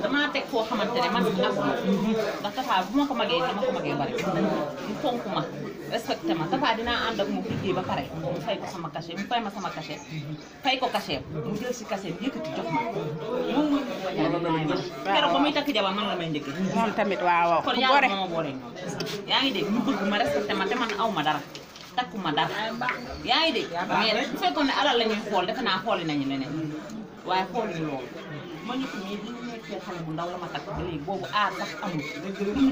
damaa teg koo xamante ne man ko magee dama ko magee bari mu fonk ma ba pare mu fay ko sama cachet ko cachet mu jël si ma moom takk may njëkkee moom tamit waaw waaw kon yàlla moo ma boole yaa ngi ma respecté ma man aw ma dara takku ma dara yaa ngi dégg mais bu fekkoon alal la ñuy xool defe naa xooli na leneen waaye xool ni ma ñu mii bi mu nekkee xale bu ndaw la ma takk ba léegi boobu aar sax amul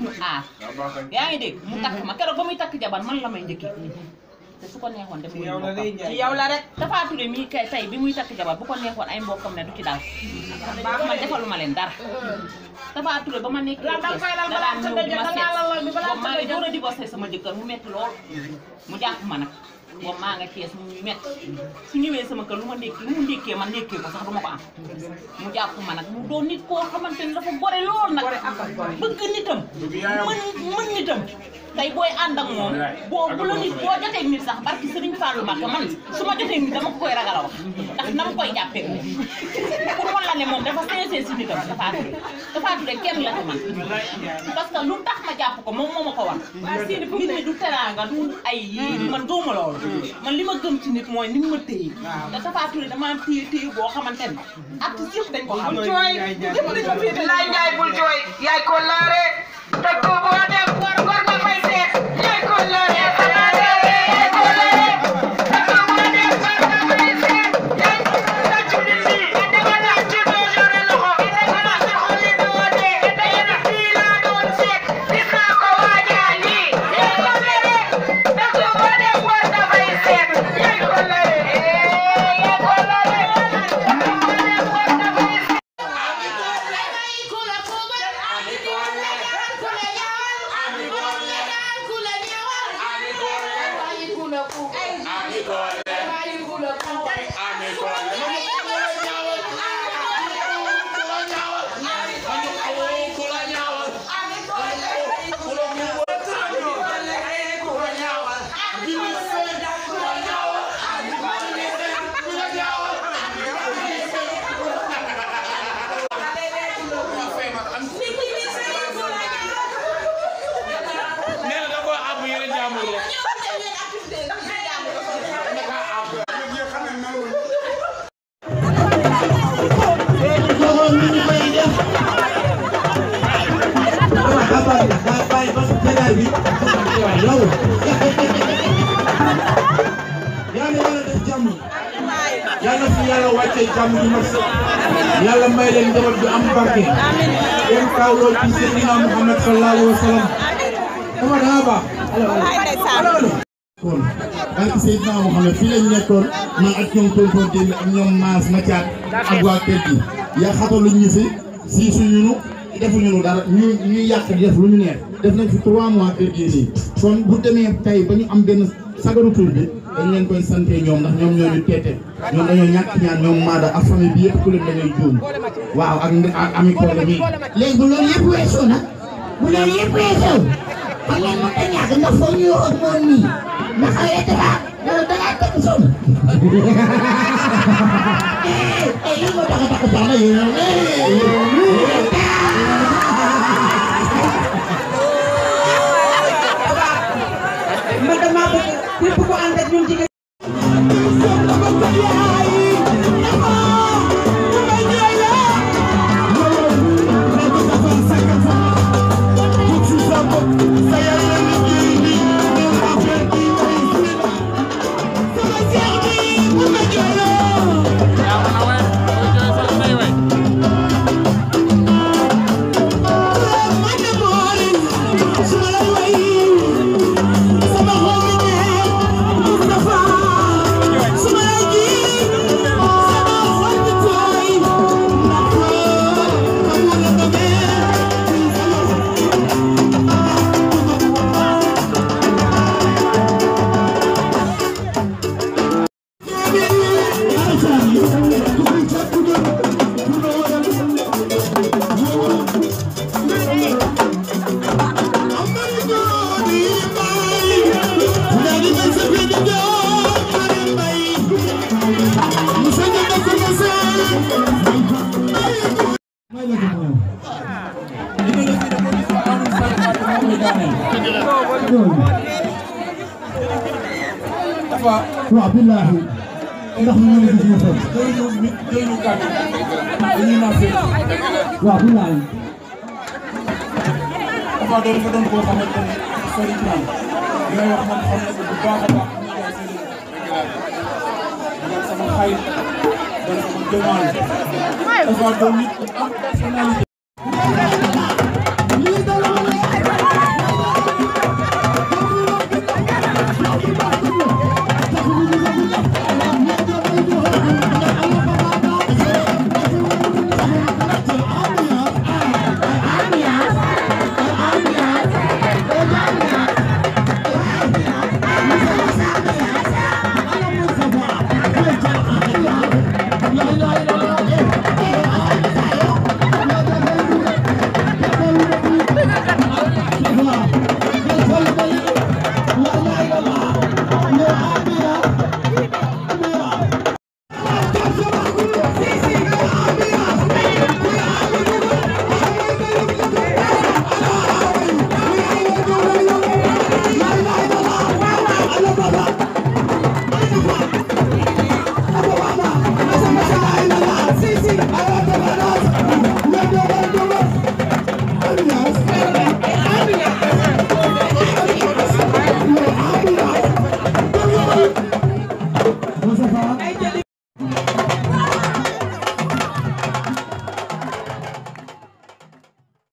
ñu aar yaa ngi dégg mu takk ma keroog ba muy takk jabar man la may njëkkee te su ko neexoon def ci yow la rek Tapha Touré bi muy takk jabar bu ko neexoon ay mbokkam ne du ci dal baax man defaluma leen dara Tapha Touré ba ma nekk dalaan ñëw di ma seet boobu maa ngi door a sama jëkkër mu metti lool mu jàpp ma nag moom maa nga Thiès mu ñuy su ñëwee sama kër lu ma ndékki lu mu ndékkee man ndékkee ko sax du ma ko am mu jàpp ma nag mu doon nit koo xamante ni dafa gore lool nag bëgg nitam mën nitam tey booy ànd ak moom boo bu la nit boo jotee nit sax su ma jotee nit dama ko koy ragal a wax ndax dama koy jàppee moom pour parce que lu tax ma jàpp ko moom moo ma ko wax nit ñi du teraanga du ay man dooma loolu man li ma gëm ci nit mooy ni mu ma téye. waaw da Tapha Touré damaa téye téye boo xamante ne. artiste yëpp dañ ko xam. bu jooy yëpp dañ ko féete laay njaay bul jooy yaay ko laare teg ko boo dem war war nga fay seet yaay ko laare Guarda kú. àmì kọ́lẹ̀. báyìí kú lọ kú. àmì kọ́lẹ̀. Yeah. bàyyi daa bàyyi ba jagaay bi waaye yow yàlla yàlla def jàmm yàlla fi yàlla wàccee jàmm ju mat yàlla may leen njaboot bi am barke yéen kaawloo ci Seydina Muhammad sallallahu alayhi wa sallam dama daa baax kon barke Seydina Muhammad fii lañ nekkoon man ak ñoom tonton Dieng ak ñoom Maas Mathiat ak waa kër gi yaa xataluñ ñu fi sii suñu defuñu lu dara ñu yàq di def lu ñu neex def nañ fi trois mois kër gii nii kon bu demee tey ba ñu am benn sagaru bi dañ leen koy sante ñoom ndax ñoom ñoo ñu teete ñoom dañoo ñàkk ñaan ñoom maada ak famille bi yëpp ku leen dañuy juum ak moom nii ndax xawee dafa dafa dangaa takk son ay a waaw billahi ndax ñu ngi gis ñu fa doylu doylu kàddu dañuy naa fekk waaw billahi dafa doon nga doon koo xamante ne sori naa ngay wax man xam na ko bu baax a baax demande dafa doon nit am personnalité